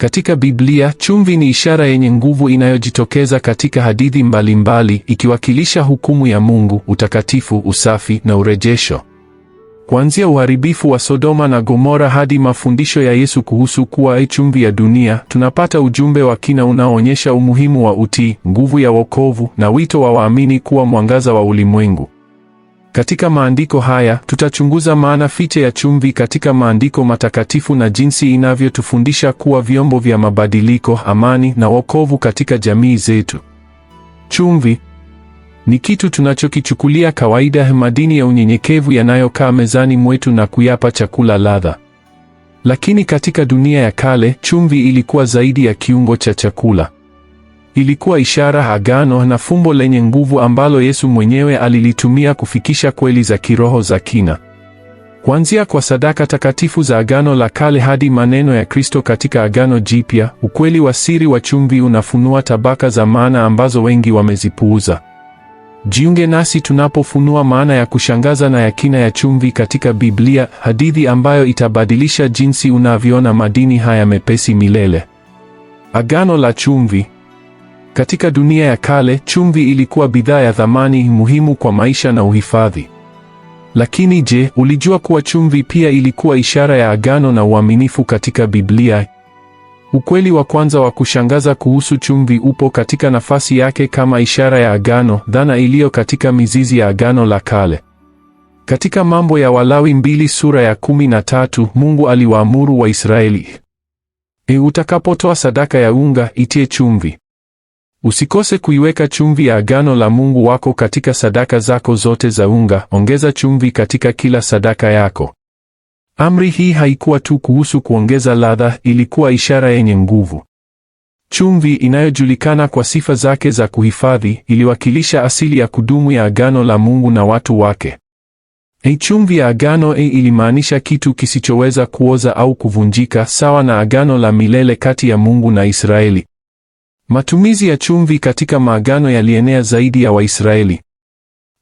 Katika Biblia, chumvi ni ishara yenye nguvu inayojitokeza katika hadithi mbalimbali, ikiwakilisha hukumu ya Mungu, utakatifu, usafi na urejesho. Kuanzia uharibifu wa Sodoma na Gomora hadi mafundisho ya Yesu kuhusu kuwa e chumvi ya dunia, tunapata ujumbe wa kina unaoonyesha umuhimu wa utii, nguvu ya wokovu na wito wa waamini kuwa mwangaza wa ulimwengu. Katika maandiko haya tutachunguza maana fiche ya chumvi katika maandiko matakatifu na jinsi inavyotufundisha kuwa vyombo vya mabadiliko, amani na wokovu katika jamii zetu. Chumvi ni kitu tunachokichukulia kawaida, madini ya unyenyekevu yanayokaa mezani mwetu na kuyapa chakula ladha. Lakini katika dunia ya kale, chumvi ilikuwa zaidi ya kiungo cha chakula ilikuwa ishara, agano na fumbo lenye nguvu ambalo Yesu mwenyewe alilitumia kufikisha kweli za kiroho za kina, kuanzia kwa sadaka takatifu za Agano la Kale hadi maneno ya Kristo katika Agano Jipya. Ukweli wa siri wa chumvi unafunua tabaka za maana ambazo wengi wamezipuuza. Jiunge nasi tunapofunua maana ya kushangaza na ya kina ya chumvi katika Biblia, hadithi ambayo itabadilisha jinsi unavyoona madini haya mepesi milele. Agano la chumvi. Katika dunia ya kale, chumvi ilikuwa bidhaa ya thamani muhimu kwa maisha na uhifadhi. Lakini je, ulijua kuwa chumvi pia ilikuwa ishara ya agano na uaminifu katika Biblia? Ukweli wa kwanza wa kushangaza kuhusu chumvi upo katika nafasi yake kama ishara ya agano, dhana iliyo katika mizizi ya agano la kale. Katika Mambo ya Walawi mbili sura ya kumi na tatu, Mungu aliwaamuru Waisraeli, e, utakapotoa sadaka ya unga itie chumvi. Usikose kuiweka chumvi ya agano la Mungu wako katika sadaka zako zote za unga. Ongeza chumvi katika kila sadaka yako. Amri hii haikuwa tu kuhusu kuongeza ladha, ilikuwa ishara yenye nguvu. Chumvi inayojulikana kwa sifa zake za kuhifadhi iliwakilisha asili ya kudumu ya agano la Mungu na watu wake. Hei, chumvi ya agano hii ilimaanisha kitu kisichoweza kuoza au kuvunjika, sawa na agano la milele kati ya Mungu na Israeli. Matumizi ya chumvi katika maagano yalienea zaidi ya Waisraeli.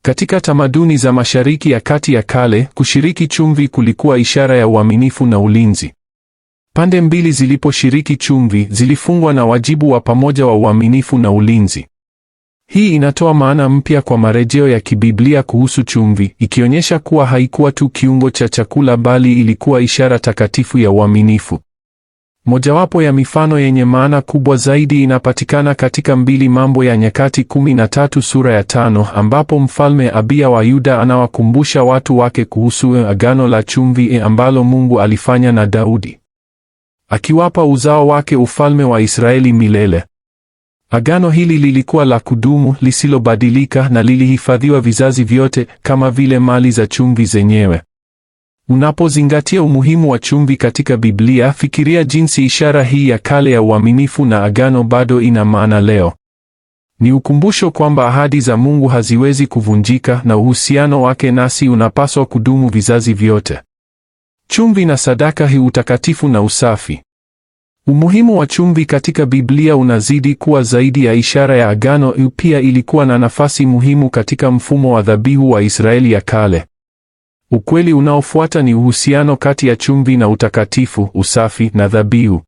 Katika tamaduni za Mashariki ya Kati ya kale, kushiriki chumvi kulikuwa ishara ya uaminifu na ulinzi. Pande mbili ziliposhiriki chumvi, zilifungwa na wajibu wa pamoja wa uaminifu na ulinzi. Hii inatoa maana mpya kwa marejeo ya kibiblia kuhusu chumvi, ikionyesha kuwa haikuwa tu kiungo cha chakula bali ilikuwa ishara takatifu ya uaminifu. Mojawapo ya mifano yenye maana kubwa zaidi inapatikana katika mbili Mambo ya Nyakati 13 sura ya tano ambapo mfalme Abiya wa Yuda anawakumbusha watu wake kuhusu agano la chumvi e ambalo Mungu alifanya na Daudi akiwapa uzao wake ufalme wa Israeli milele. Agano hili lilikuwa la kudumu, lisilobadilika na lilihifadhiwa vizazi vyote kama vile mali za chumvi zenyewe. Unapozingatia umuhimu wa chumvi katika Biblia, fikiria jinsi ishara hii ya kale ya uaminifu na agano bado ina maana leo. Ni ukumbusho kwamba ahadi za Mungu haziwezi kuvunjika na uhusiano wake nasi unapaswa kudumu vizazi vyote. Chumvi na sadaka hii utakatifu na usafi. Umuhimu wa chumvi katika Biblia unazidi kuwa zaidi ya ishara ya agano; pia ilikuwa na nafasi muhimu katika mfumo wa dhabihu wa Israeli ya kale. Ukweli unaofuata ni uhusiano kati ya chumvi na utakatifu, usafi na dhabihu.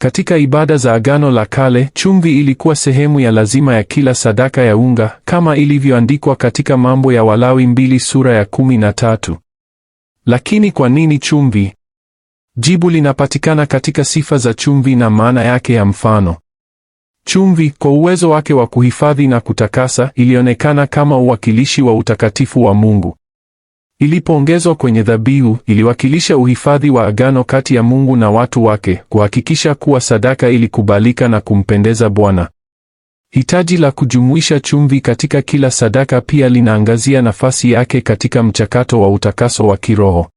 Katika ibada za Agano la Kale, chumvi ilikuwa sehemu ya lazima ya kila sadaka ya unga, kama ilivyoandikwa katika Mambo ya Walawi mbili sura ya kumi na tatu. Lakini kwa nini chumvi? Jibu linapatikana katika sifa za chumvi na maana yake ya mfano. Chumvi, kwa uwezo wake wa kuhifadhi na kutakasa, ilionekana kama uwakilishi wa utakatifu wa Mungu ilipoongezwa kwenye dhabihu, iliwakilisha uhifadhi wa agano kati ya Mungu na watu wake, kuhakikisha kuwa sadaka ilikubalika na kumpendeza Bwana. Hitaji la kujumuisha chumvi katika kila sadaka pia linaangazia nafasi yake katika mchakato wa utakaso wa kiroho.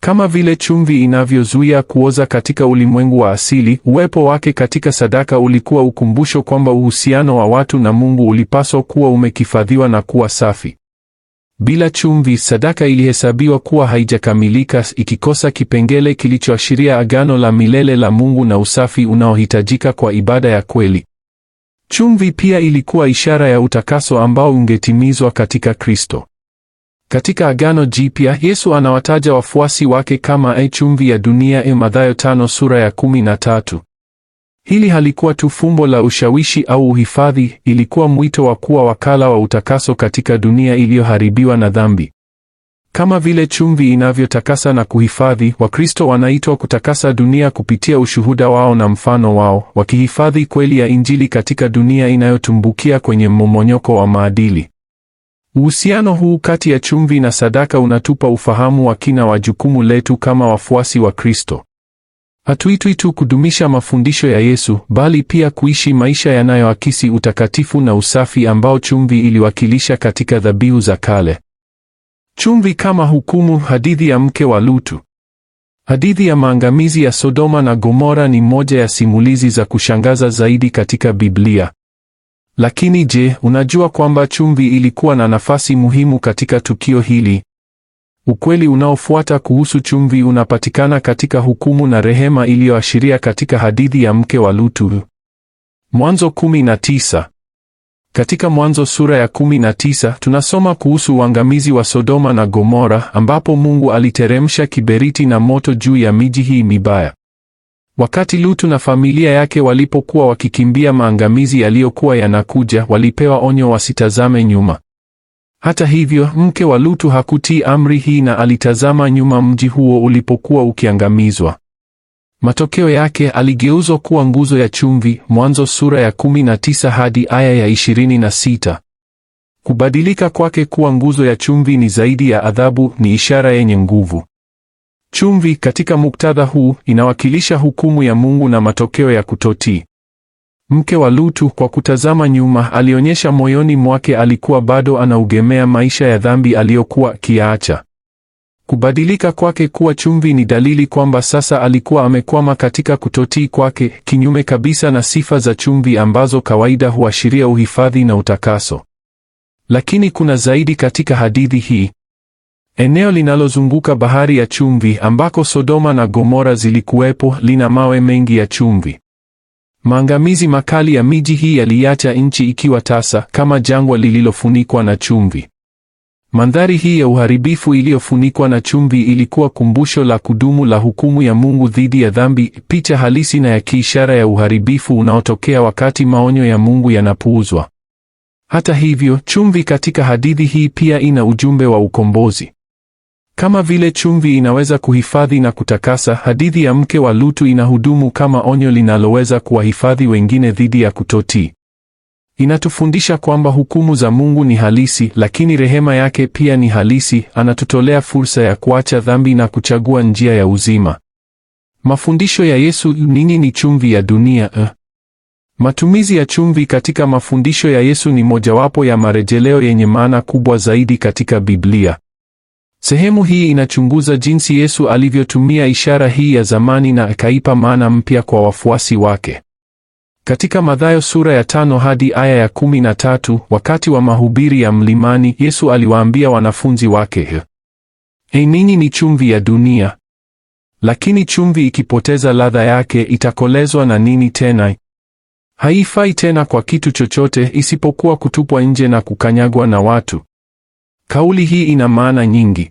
Kama vile chumvi inavyozuia kuoza katika ulimwengu wa asili, uwepo wake katika sadaka ulikuwa ukumbusho kwamba uhusiano wa watu na Mungu ulipaswa kuwa umekifadhiwa na kuwa safi. Bila chumvi, sadaka ilihesabiwa kuwa haijakamilika, ikikosa kipengele kilichoashiria agano la milele la Mungu na usafi unaohitajika kwa ibada ya kweli. Chumvi pia ilikuwa ishara ya utakaso ambao ungetimizwa katika Kristo. Katika Agano Jipya, Yesu anawataja wafuasi wake kama e chumvi ya dunia, e Mathayo tano sura ya kumi na tatu. Hili halikuwa tu fumbo la ushawishi au uhifadhi, ilikuwa mwito wa kuwa wakala wa utakaso katika dunia iliyoharibiwa na dhambi. Kama vile chumvi inavyotakasa na kuhifadhi, Wakristo wanaitwa kutakasa dunia kupitia ushuhuda wao na mfano wao, wakihifadhi kweli ya Injili katika dunia inayotumbukia kwenye mmomonyoko wa maadili. Uhusiano huu kati ya chumvi na sadaka unatupa ufahamu wa kina wa jukumu letu kama wafuasi wa Kristo. Hatuitwi tu kudumisha mafundisho ya Yesu, bali pia kuishi maisha yanayoakisi utakatifu na usafi ambao chumvi iliwakilisha katika dhabihu za kale. Chumvi kama hukumu, hadithi ya mke wa Lutu. Hadithi ya maangamizi ya Sodoma na Gomora ni moja ya simulizi za kushangaza zaidi katika Biblia. Lakini je, unajua kwamba chumvi ilikuwa na nafasi muhimu katika tukio hili? Ukweli unaofuata kuhusu chumvi unapatikana katika hukumu na rehema iliyoashiria katika hadithi ya mke wa Lutu. Mwanzo 19. Katika Mwanzo sura ya 19 tunasoma kuhusu uangamizi wa Sodoma na Gomora ambapo Mungu aliteremsha kiberiti na moto juu ya miji hii mibaya. Wakati Lutu na familia yake walipokuwa wakikimbia maangamizi yaliyokuwa yanakuja, walipewa onyo wasitazame nyuma. Hata hivyo, mke wa Lutu hakutii amri hii na alitazama nyuma mji huo ulipokuwa ukiangamizwa. Matokeo yake aligeuzwa kuwa nguzo ya chumvi, Mwanzo sura ya 19 hadi aya ya 26. Kubadilika kwake kuwa nguzo ya chumvi ni zaidi ya adhabu, ni ishara yenye nguvu. Chumvi katika muktadha huu inawakilisha hukumu ya Mungu na matokeo ya kutotii. Mke wa Lutu, kwa kutazama nyuma, alionyesha moyoni mwake alikuwa bado anaugemea maisha ya dhambi aliyokuwa akiyaacha. Kubadilika kwake kuwa chumvi ni dalili kwamba sasa alikuwa amekwama katika kutotii kwake, kinyume kabisa na sifa za chumvi ambazo kawaida huashiria uhifadhi na utakaso. Lakini kuna zaidi katika hadithi hii. Eneo linalozunguka bahari ya chumvi ambako Sodoma na Gomora zilikuwepo lina mawe mengi ya chumvi. Maangamizi makali ya miji hii yaliacha nchi ikiwa tasa kama jangwa lililofunikwa na chumvi. Mandhari hii ya uharibifu iliyofunikwa na chumvi ilikuwa kumbusho la kudumu la hukumu ya Mungu dhidi ya dhambi, picha halisi na ya kiishara ya uharibifu unaotokea wakati maonyo ya Mungu yanapuuzwa. Hata hivyo, chumvi katika hadithi hii pia ina ujumbe wa ukombozi. Kama vile chumvi inaweza kuhifadhi na kutakasa, hadithi ya mke wa Lutu inahudumu kama onyo linaloweza kuwahifadhi wengine dhidi ya kutotii. Inatufundisha kwamba hukumu za Mungu ni halisi, lakini rehema yake pia ni halisi. Anatutolea fursa ya kuacha dhambi na kuchagua njia ya uzima. Mafundisho ya Yesu. Nini ni chumvi ya dunia? Uh. Matumizi ya chumvi katika mafundisho ya Yesu ni mojawapo ya marejeleo yenye maana kubwa zaidi katika Biblia. Sehemu hii inachunguza jinsi Yesu alivyotumia ishara hii ya zamani na akaipa maana mpya kwa wafuasi wake. Katika Mathayo sura ya tano hadi aya ya kumi na tatu, wakati wa mahubiri ya mlimani, Yesu aliwaambia wanafunzi wake, E, ninyi ni chumvi ya dunia. Lakini chumvi ikipoteza ladha yake itakolezwa na nini tena? Haifai tena kwa kitu chochote isipokuwa kutupwa nje na kukanyagwa na watu. Kauli hii ina maana nyingi.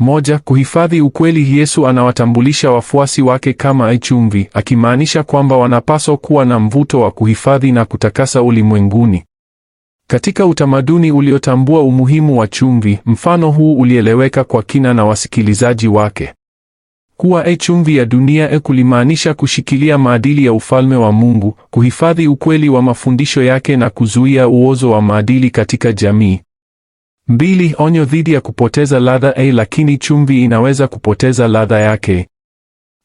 Moja, kuhifadhi ukweli. Yesu anawatambulisha wafuasi wake kama chumvi, akimaanisha kwamba wanapaswa kuwa na mvuto wa kuhifadhi na kutakasa ulimwenguni. Katika utamaduni uliotambua umuhimu wa chumvi, mfano huu ulieleweka kwa kina na wasikilizaji wake. Kuwa chumvi ya dunia e kulimaanisha kushikilia maadili ya ufalme wa Mungu, kuhifadhi ukweli wa mafundisho yake na kuzuia uozo wa maadili katika jamii. Mbili, onyo dhidi ya kupoteza ladha a, eh, lakini chumvi inaweza kupoteza ladha yake.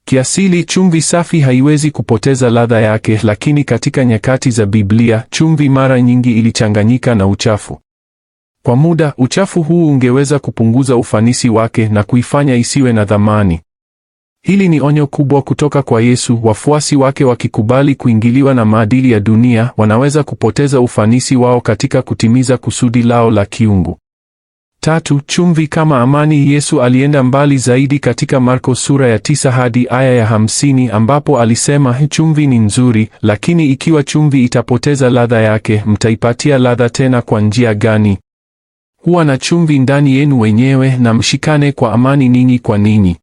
Kiasili chumvi safi haiwezi kupoteza ladha yake, lakini katika nyakati za Biblia chumvi mara nyingi ilichanganyika na uchafu. Kwa muda, uchafu huu ungeweza kupunguza ufanisi wake na kuifanya isiwe na thamani. Hili ni onyo kubwa kutoka kwa Yesu. Wafuasi wake wakikubali kuingiliwa na maadili ya dunia, wanaweza kupoteza ufanisi wao katika kutimiza kusudi lao la kiungu. Tatu, chumvi kama amani. Yesu alienda mbali zaidi katika Marko sura ya tisa hadi aya ya hamsini ambapo alisema, chumvi ni nzuri, lakini ikiwa chumvi itapoteza ladha yake, mtaipatia ladha tena kwa njia gani? Huwa na chumvi ndani yenu wenyewe na mshikane kwa amani ninyi kwa ninyi.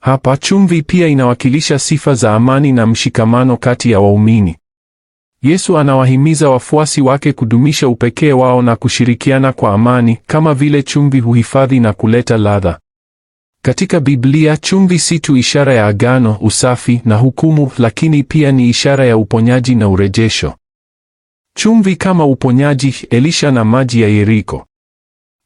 Hapa chumvi pia inawakilisha sifa za amani na mshikamano kati ya waumini. Yesu anawahimiza wafuasi wake kudumisha upekee wao na kushirikiana kwa amani, kama vile chumvi huhifadhi na kuleta ladha. Katika Biblia, chumvi si tu ishara ya agano, usafi na hukumu, lakini pia ni ishara ya uponyaji na urejesho. Chumvi kama uponyaji, Elisha na maji ya Yeriko.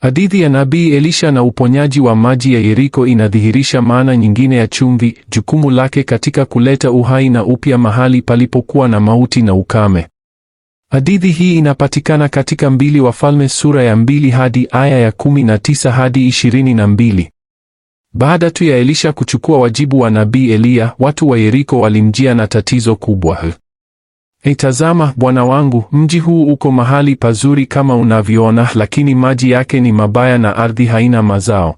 Hadithi ya nabii Elisha na uponyaji wa maji ya Yeriko inadhihirisha maana nyingine ya chumvi, jukumu lake katika kuleta uhai na upya mahali palipokuwa na mauti na ukame. Hadithi hii inapatikana katika mbili Wafalme sura ya mbili hadi aya ya 19 hadi mbili. Baada tu ya Elisha kuchukua wajibu wa nabii Eliya, watu wa Yeriko walimjia na tatizo kubwa. Itazama bwana wangu, mji huu uko mahali pazuri kama unavyoona, lakini maji yake ni mabaya na ardhi haina mazao.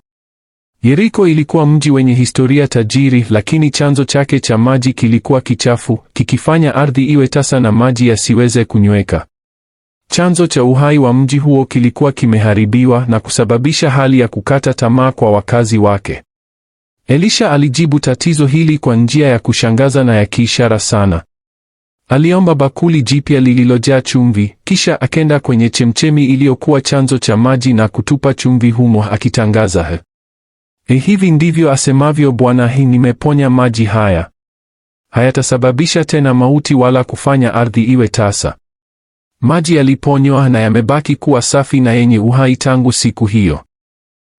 Yeriko ilikuwa mji wenye historia tajiri, lakini chanzo chake cha maji kilikuwa kichafu, kikifanya ardhi iwe tasa na maji yasiweze kunyweka. Chanzo cha uhai wa mji huo kilikuwa kimeharibiwa na kusababisha hali ya kukata tamaa kwa wakazi wake. Elisha alijibu tatizo hili kwa njia ya kushangaza na ya kiishara sana. Aliomba bakuli jipya lililojaa chumvi, kisha akenda kwenye chemchemi iliyokuwa chanzo cha maji na kutupa chumvi humo akitangaza, eh, hivi ndivyo asemavyo Bwana, hii nimeponya maji haya, hayatasababisha tena mauti wala kufanya ardhi iwe tasa. Maji yaliponywa na yamebaki kuwa safi na yenye uhai tangu siku hiyo.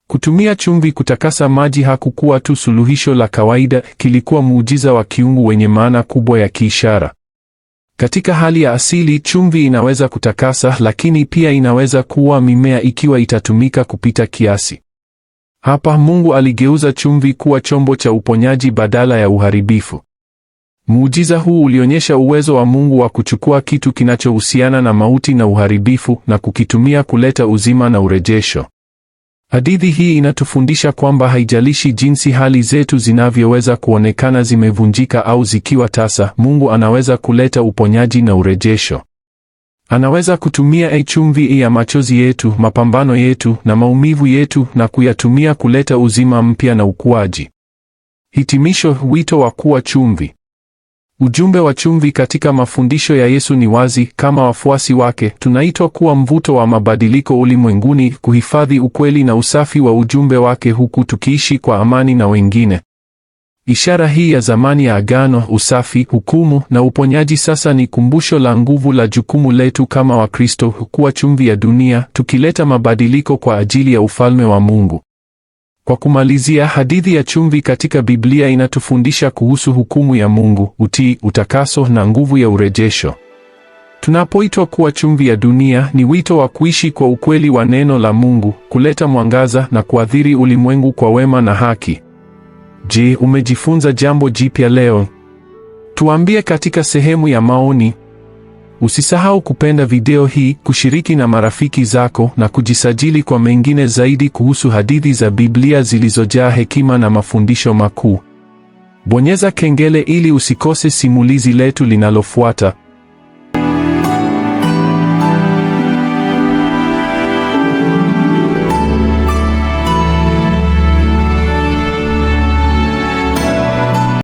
Kutumia chumvi kutakasa maji hakukuwa tu suluhisho la kawaida, kilikuwa muujiza wa kiungu wenye maana kubwa ya kiishara. Katika hali ya asili, chumvi inaweza kutakasa, lakini pia inaweza kuua mimea ikiwa itatumika kupita kiasi. Hapa Mungu aligeuza chumvi kuwa chombo cha uponyaji badala ya uharibifu. Muujiza huu ulionyesha uwezo wa Mungu wa kuchukua kitu kinachohusiana na mauti na uharibifu na kukitumia kuleta uzima na urejesho. Hadithi hii inatufundisha kwamba haijalishi jinsi hali zetu zinavyoweza kuonekana zimevunjika au zikiwa tasa, Mungu anaweza kuleta uponyaji na urejesho. Anaweza kutumia e chumvi ya machozi yetu, mapambano yetu na maumivu yetu na kuyatumia kuleta uzima mpya na ukuaji. Hitimisho, wito wa kuwa chumvi. Ujumbe wa chumvi katika mafundisho ya Yesu ni wazi. Kama wafuasi wake, tunaitwa kuwa mvuto wa mabadiliko ulimwenguni, kuhifadhi ukweli na usafi wa ujumbe wake, huku tukiishi kwa amani na wengine. Ishara hii ya zamani ya agano, usafi, hukumu na uponyaji, sasa ni kumbusho la nguvu la jukumu letu kama Wakristo, kuwa chumvi ya dunia, tukileta mabadiliko kwa ajili ya ufalme wa Mungu. Kwa kumalizia, hadithi ya chumvi katika Biblia inatufundisha kuhusu hukumu ya Mungu, utii, utakaso na nguvu ya urejesho. Tunapoitwa kuwa chumvi ya dunia, ni wito wa kuishi kwa ukweli wa neno la Mungu, kuleta mwangaza na kuathiri ulimwengu kwa wema na haki. Je, umejifunza jambo jipya leo? Tuambie katika sehemu ya maoni. Usisahau kupenda video hii, kushiriki na marafiki zako na kujisajili kwa mengine zaidi kuhusu hadithi za Biblia zilizojaa hekima na mafundisho makuu. Bonyeza kengele ili usikose simulizi letu linalofuata.